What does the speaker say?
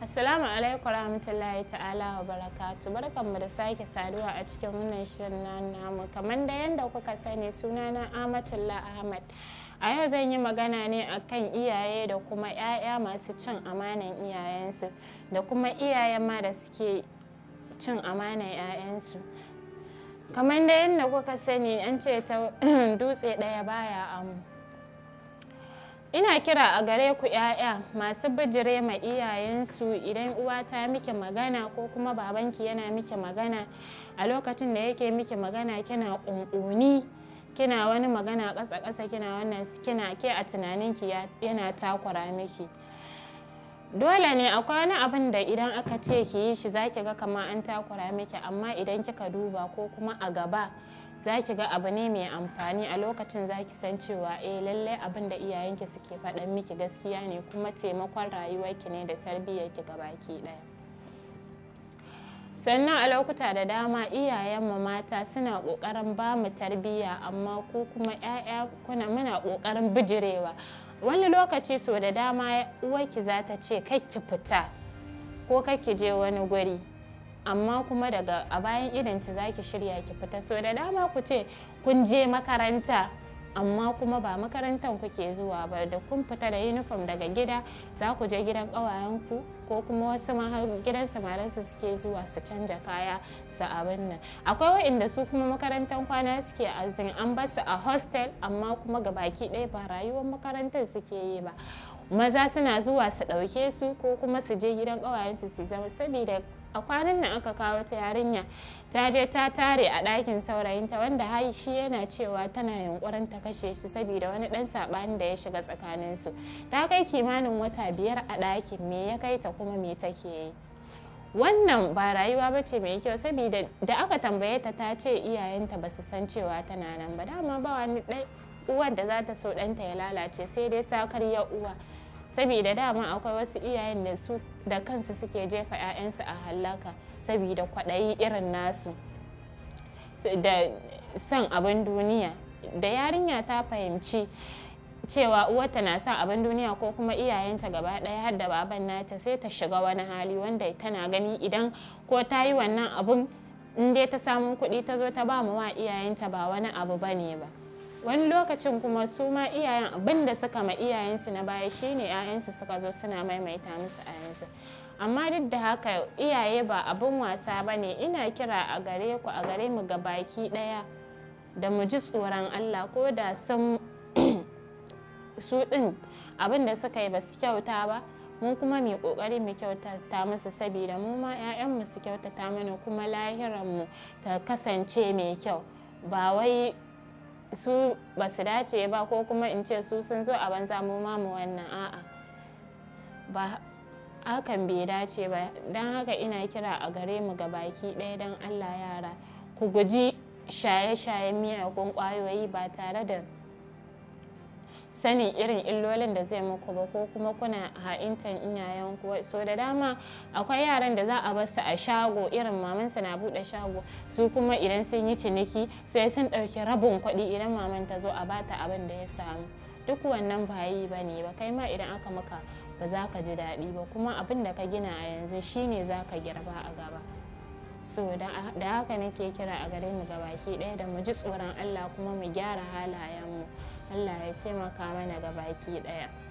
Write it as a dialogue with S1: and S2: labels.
S1: Assalamu alaikum warahmatullahi ta'ala wa barakatu barkanmu da sake saduwa a cikin wannan shirin namu kamar da yadda kuka sani sunana Amatullah Ahmad a yau zan yi magana ne akan iyaye da kuma 'ya'ya masu cin amanan iyayensu da kuma iyayen ma da suke cin amanan 'ya'yansu kamar da yadda kuka sani an ce ta dutse ɗaya baya amu Ina kira a gare ku ‘ya'ya masu bijire ma iyayensu idan uwa ta miki magana ko kuma babanki yana miki magana a lokacin da yake miki magana kina ƙunƙuni kina wani magana ƙasa-ƙasa kina wannan kina ke a tunaninki yana takura miki. Dole ne akwai wani abin da idan aka ce ki yi shi zaki ga kamar an takura miki amma idan kika duba ko kuma a gaba za ki ga abu ne mai amfani a lokacin za ki san cewa eh lallai abin da iyayenki suke faɗan miki gaskiya ne kuma taimakon rayuwarki ne da tarbiyyarki baki ɗaya sannan a lokuta da dama iyayenmu mata suna ƙoƙarin ba mu tarbiyya amma ko kuma 'ya'ya kuna muna ƙoƙarin bijirewa wani lokaci so da dama uwarki za ta ce kai ki fita ko kai ki je wani guri amma kuma daga a bayan idanci za ki shirya ki fita so da dama ku ce kun je makaranta amma kuma ba makarantar kuke zuwa ba da kun fita da uniform daga gida za ku je gidan ƙawayenku ko kuma wasu gidan samaransu suke zuwa su canja kaya su abin nan akwai waɗanda su kuma makarantar kwana suke azin an basu a hostel amma kuma ga baki ɗaya ba rayuwar makarantar suke yi ba maza suna zuwa su ɗauke su ko kuma su je gidan ƙawayensu su zama saboda a kwanan nan aka kawo ta yarinya ta je ta tare a ɗakin saurayinta wanda shi yana cewa tana yunkurin ta kashe shi saboda wani ɗan saɓani da ya shiga tsakaninsu ta kai kimanin wata biyar a ɗakin me ya kai ta kuma me take yi wannan ba rayuwa ba ce mai kyau saboda da aka tambaye ta ta ce iyayenta ba su san cewa tana nan ba dama ba wani uwan da za ta so ɗanta ya lalace sai dai sakar ya uwa saboda dama akwai wasu iyayen da su da kansu suke jefa 'ya'yansu a halaka saboda kwaɗayi irin nasu da son abin duniya da yarinya ta fahimci cewa uwarta na son abin duniya ko kuma iyayenta gaba ɗaya har da baban nata sai ta shiga wani hali wanda tana gani idan ko ta yi wannan abin in ta samu kuɗi ta zo ta ba mu wa iyayenta ba wani abu ba ne ba wani lokacin kuma su ma iyayen abinda suka ma iyayensu na baya shine 'ya'yansu suka zo suna maimaita musu ayansu amma duk da haka iyaye ba abin wasa ba ne ina kira a gare ku a gare mu ga baki ɗaya da mu ji tsoron allah ko da sun su ɗin abinda suka yi ba su kyauta ba mu kuma mai kokari mu kyautata musu saboda mu ma ya'yan mu su kyautata mana kuma lahiran mu ta kasance mai kyau ba wai su ba su dace ba ko kuma in ce su sun zo a banza mu ma wannan a'a ba hakan bai dace ba don haka ina kira a gare mu ga baki ɗaya don allah yara ku guji shaye-shayen miyagun ƙwayoyi ba tare da sanin irin illolin da zai muku ba ko kuma kuna ha'intan iyayen ku so da dama akwai yaran da za a bar a shago irin mamansu na bude shago su kuma idan sun yi ciniki sai sun ɗauki rabin kuɗi idan maman ta zo a bata abin da ya samu duk wannan ba yi ba ne ba kai ma idan aka maka ba za ka ji daɗi ba kuma abin da ka gina a yanzu shine za ka girba a gaba so da haka nake kira a gare mu gabaki ɗaya da mu ji tsoron allah kuma mu gyara halayenmu allah ya taimaka mana gabaki ɗaya